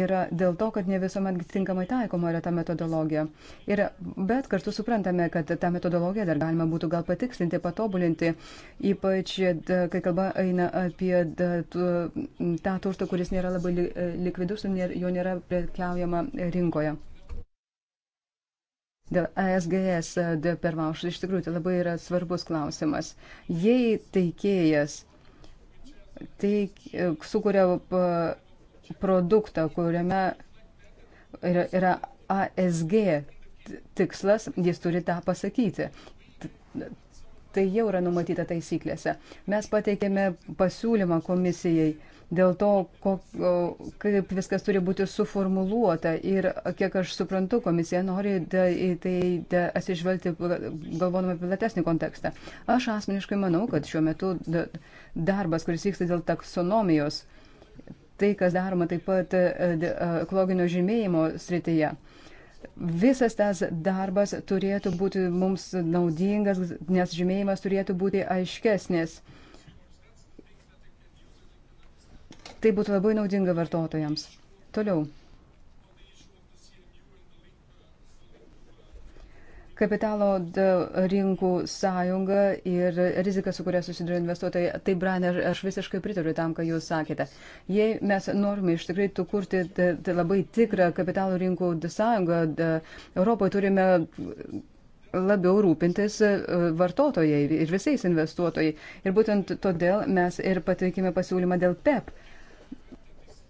yra dėl to, kad ne visuomet tinkamai taikoma yra ta metodologija. Ir, bet kartu suprantame, kad tą metodologiją dar galima būtų gal patikslinti, patobulinti, ypač kai kalba eina apie tą turtą, kuris nėra labai likvidus ir jo nėra prekiaujama rinkoje. Dėl ASGS pervaušas iš tikrųjų tai labai yra svarbus klausimas. Jei teikėjas teik, e, sukuria produktą, kuriame yra, yra ASG tikslas, jis turi tą pasakyti. Tai jau yra numatyta taisyklėse. Mes pateikėme pasiūlymą komisijai dėl to, kok, kaip viskas turi būti suformuluota. Ir kiek aš suprantu, komisija nori da, į tai da, atsižvelgti, galvodama apie platesnį kontekstą. Aš asmeniškai manau, kad šiuo metu da, darbas, kuris vyksta dėl taksonomijos, tai, kas daroma taip pat e, e, ekologinio žymėjimo srityje. Visas tas darbas turėtų būti mums naudingas, nes žymėjimas turėtų būti aiškesnis. Uh, Tai būtų labai naudinga vartotojams. Toliau. Kapitalo rinkų sąjunga ir rizika, su kuria susiduria investuotojai. Tai, Brian, aš visiškai pritariu tam, ką jūs sakėte. Jei mes norime iš tikrųjų kurti tai labai tikrą kapitalo rinkų sąjungą, da, Europoje turime labiau rūpintis e, vartotojai ir visais investuotojai. Ir būtent todėl mes ir pateikime pasiūlymą dėl PEP e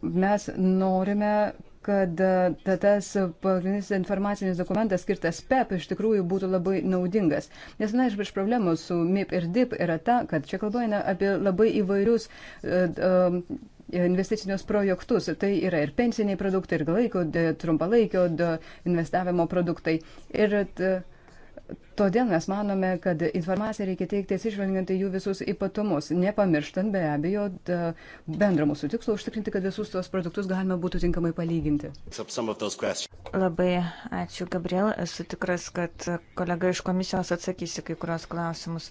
mes norime kad e, ta, tas pagrindinis informacinis dokumentas skirtas PEP iš tikrųjų būtų labai naudingas. Nes viena iš problemų su MIP ir DIP yra ta, kad čia kalba eina apie labai įvairius uh, investicinius projektus. Tai yra ir pensiniai produktai, ir galaikio, trumpalaikio investavimo produktai. Ir uh, Todėl mes manome, kad informaciją reikia teikti atsižvelgiant į jų visus ypatumus, nepamirštant be abejo bendrą mūsų tikslą užtikrinti, kad visus tuos produktus galima būtų tinkamai palyginti. Labai ačiū, Gabriel. Esu tikras, kad kolega iš komisijos atsakysi kai kurios klausimus.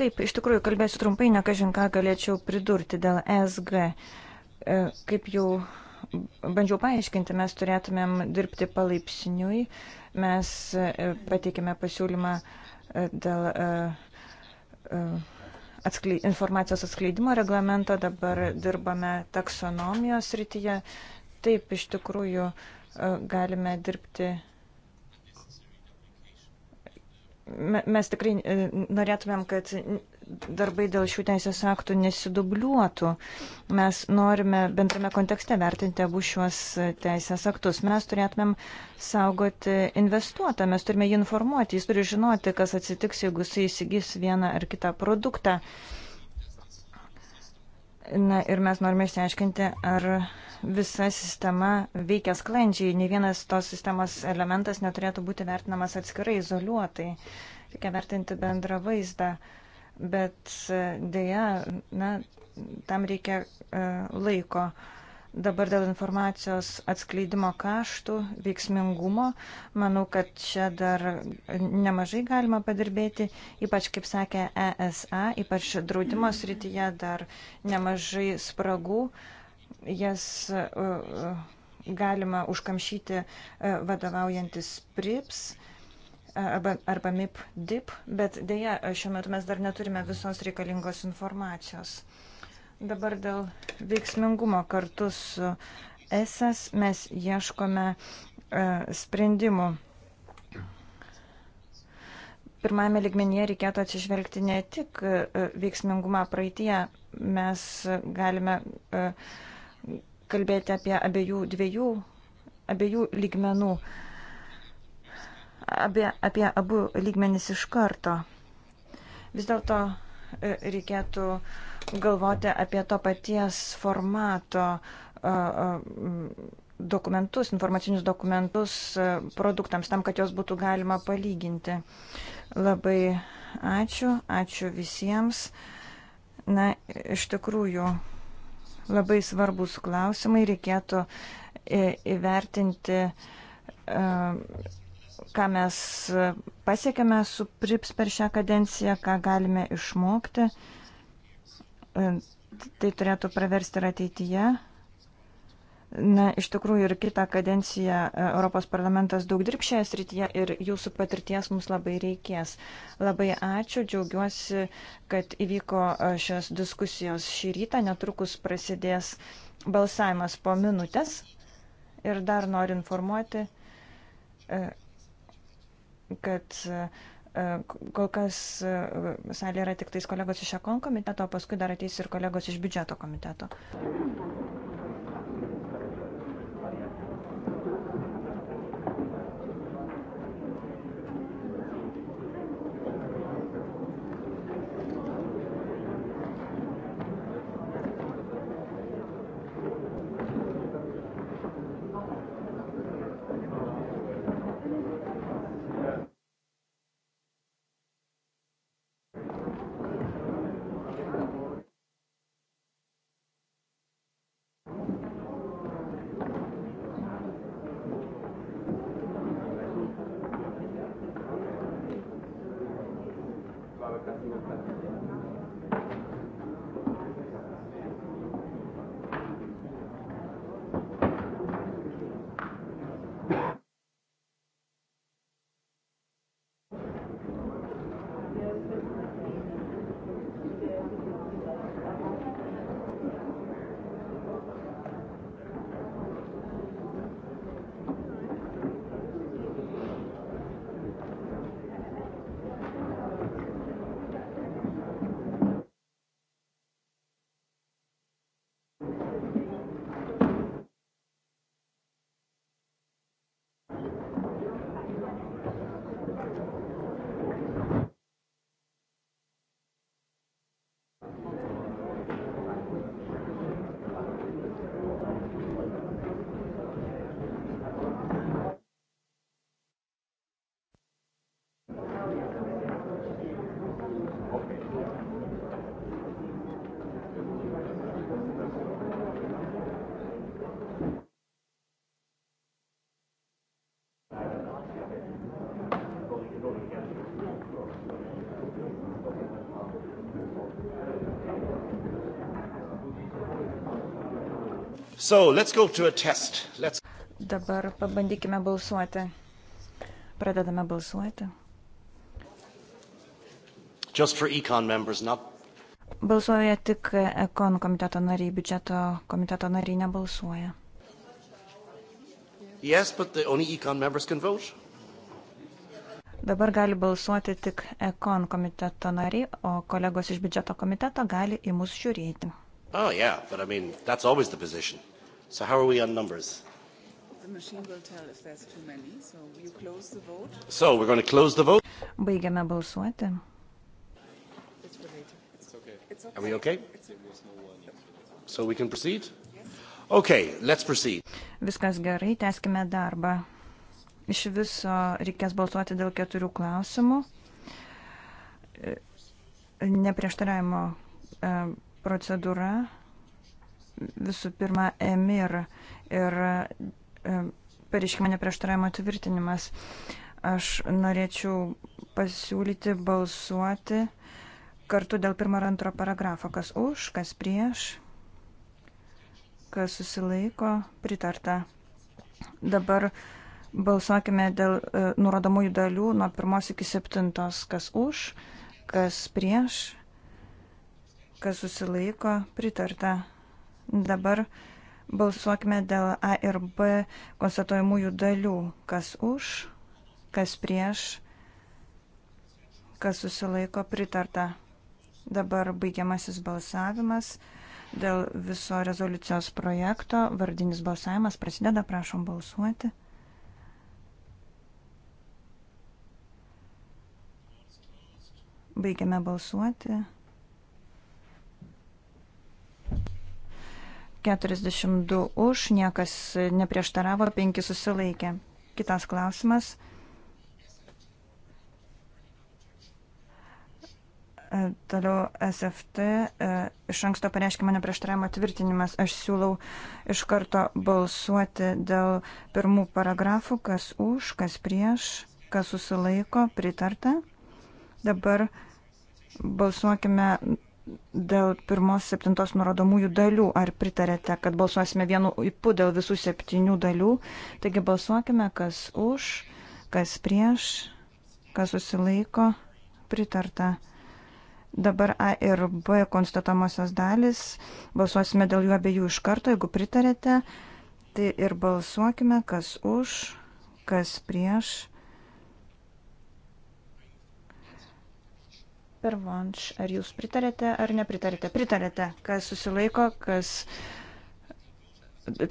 Taip, iš tikrųjų, kalbėsiu trumpai, nekažin ką galėčiau pridurti dėl SG. E, kaip jau bandžiau paaiškinti, mes turėtumėm dirbti palaipsniui. Uh, Mes e, pateikėme pasiūlymą e, dėl e, atskly, informacijos atskleidimo reglamento, dabar dirbame taksonomijos rytyje. Taip, iš tikrųjų, galime dirbti mes tikrai e, norėtumėm, kad darbai dėl šių teisės aktų nesidubliuotų. Mes norime bendrame kontekste vertinti abu šiuos teisės aktus. Mes turėtumėm saugoti investuotą, mes turime jį informuoti, jis turi žinoti, kas atsitiks, jeigu jis įsigys vieną ar kitą produktą. Uh, Na ir mes norime išsiaiškinti, ar visa sistema veikia sklandžiai, ne vienas tos sistemos elementas neturėtų būti vertinamas atskirai, izoliuotai. Reikia vertinti bendrą vaizdą, bet e, dėja, na, tam reikia uh, laiko. Uh, Dabar dėl informacijos atskleidimo kaštų, veiksmingumo, manau, kad čia dar nemažai galima padirbėti, ypač, kaip sakė ESA, ypač draudimo srityje dar nemažai spragų, jas e, e, galima užkamšyti e, vadovaujantis PRIPS arba, arba MIP DIP, bet dėja šiuo metu mes dar neturime visos reikalingos informacijos. Dabar dėl veiksmingumo kartu su ESAS mes ieškome e, sprendimų. Pirmame ligmenyje reikėtų atsižvelgti ne tik e, veiksmingumą praeitie, mes galime e, kalbėti apie abiejų dviejų, abiejų ligmenų, apie, apie abu lygmenis iš karto. Vis dėlto reikėtų uh, galvoti apie to paties formato dokumentus, informacinius dokumentus produktams, tam, kad jos būtų galima palyginti. Labai ačiū, ačiū visiems. Na, iš tikrųjų, labai svarbus klausimai reikėtų e, įvertinti, ką mes pasiekėme su PRIPS per šią kadenciją, ką galime išmokti. E, tai turėtų praversti ir ateityje. Na, iš tikrųjų ir kitą kadenciją e, Europos parlamentas daug dirb šioje srityje ir jūsų patirties mums labai reikės. Labai ačiū, džiaugiuosi, kad įvyko e, šios diskusijos šį rytą, netrukus prasidės balsavimas po minutės. Ir dar noriu informuoti, kad E, kol kas e, salė yra tik tais kolegos iš ekon komiteto, paskui dar ateis ir kolegos iš biudžeto komiteto. So, let's go to a test. Let's... Dabar pabandykime balsuoti. Pradedame balsuoti. Just for econ members, not... Balsuoja tik ekon komiteto nariai, biudžeto komiteto nariai nebalsuoja. Yes, but the only econ members can vote. Dabar gali balsuoti tik ekon komiteto nariai, o kolegos iš biudžeto komiteto gali į mus žiūrėti. Oh, yeah, but I mean, that's always the position. So how are we on numbers? The machine will tell if there's too many, so you close the vote. So we're going to close the vote. Baigiame balsuoti. It's related. It's okay. It's okay. Are we okay? So we can proceed? Yes. Okay, let's proceed. Viskas gerai, tęskime darbą. Iš viso reikės balsuoti dėl keturių klausimų. E, neprieštaravimo e, procedūra visų pirma emir ir e, pareiškimo neprieštaravimo tvirtinimas. Aš norėčiau pasiūlyti balsuoti kartu dėl pirmo ir antro paragrafo, kas už, kas prieš, kas susilaiko, pritarta. Dabar balsuokime dėl e, nurodomųjų dalių nuo pirmos iki septintos, kas už, kas prieš, kas susilaiko, pritarta. Dabar balsuokime dėl A ir B konstatuojamųjų dalių. Kas už, kas prieš, kas susilaiko pritarta. Dabar baigiamasis balsavimas dėl viso rezoliucijos projekto. Vardinis balsavimas prasideda, prašom balsuoti. Baigiame balsuoti. 42 už, niekas neprieštaravo, 5 susilaikė. Kitas klausimas. E, toliau SFT e, iš anksto pareiškimo neprieštaravimo tvirtinimas. Aš siūlau iš karto balsuoti dėl pirmų paragrafų, kas už, kas prieš, kas susilaiko, pritarta. Dabar balsuokime dėl pirmos septintos nurodomųjų dalių. Ar pritarėte, kad balsuosime vienu ipu dėl visų septynių dalių? Taigi balsuokime, kas už, kas prieš, kas susilaiko. Pritarta. Dabar A ir B konstatamosios dalis. Balsuosime dėl jų abiejų iš karto, jeigu pritarėte. Tai ir balsuokime, kas už, kas prieš, Pervonš, ar jūs pritarėte ar nepritarėte? Pritarėte, kas susilaiko, kas.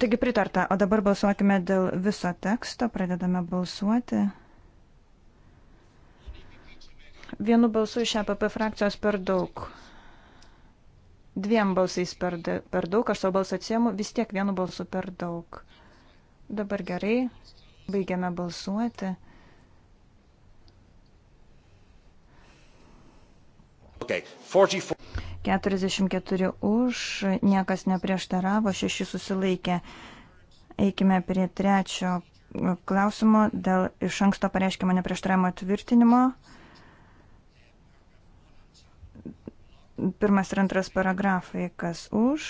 Taigi pritarta, o dabar balsuokime dėl viso teksto, pradedame balsuoti. Vienu balsu iš APP e frakcijos per daug. Dviem balsais per, per daug, aš savo balsą atsiemu, vis tiek vienu balsu per daug. Dabar gerai, baigiame balsuoti. Okay. 44. 44 už, niekas neprieštaravo, 6 susilaikė. Eikime prie trečio klausimo dėl iš anksto pareiškimo neprieštaravimo tvirtinimo. Pirmas ir antras paragrafai, kas už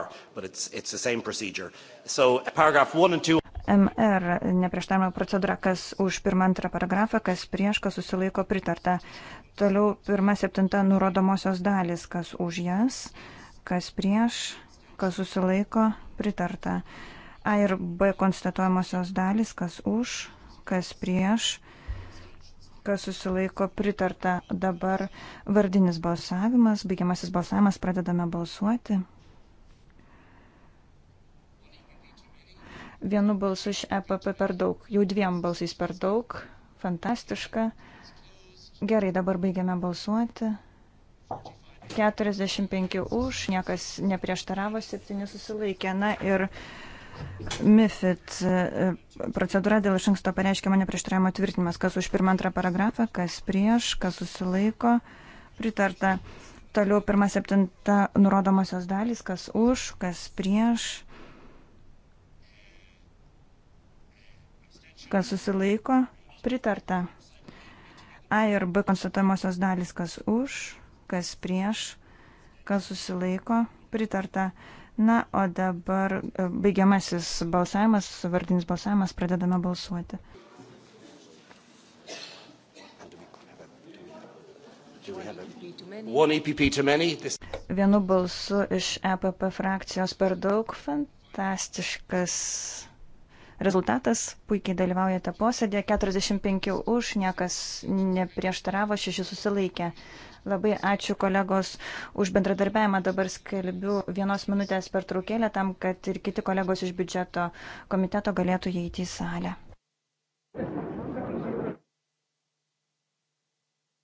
MR neprieštarimo procedūra, kas už pirmą antrą paragrafą, kas prieš, kas susilaiko pritarta. Toliau pirma septinta nurodomosios dalis, kas už jas, kas prieš, kas susilaiko pritarta. A ir B konstatuojamosios dalis, kas už, kas prieš, kas susilaiko pritarta. Dabar vardinis balsavimas, baigiamasis balsavimas, pradedame balsuoti. Vienu balsu iš EPP per daug, jau dviem balsais per daug. Fantastiška. Gerai, dabar baigiame balsuoti. 45 už, niekas neprieštaravo, 7 susilaikė. Na ir MIFID e, procedūra dėl iš anksto pareiškimo neprieštaravimo tvirtinimas, kas už pirmą antrą paragrafą, kas prieš, kas susilaiko. Pritarta. Toliau pirmą septintą nurodomosios dalys, kas už, kas prieš kas susilaiko, pritarta. A ir B konstatuojamosios dalys, kas už, kas prieš, kas susilaiko, pritarta. Na, o dabar e, baigiamasis balsavimas, vardinis balsavimas, pradedame balsuoti. E Vienu balsu iš EPP frakcijos per daug fantastiškas Rezultatas - puikiai dalyvaujate posėdėje, 45 už, niekas neprieštaravo, šeši susilaikė. Labai ačiū kolegos už bendradarbiavimą. Dabar skelbiu vienos minutės per traukėlę tam, kad ir kiti kolegos iš biudžeto komiteto galėtų įeiti į salę. Thank you.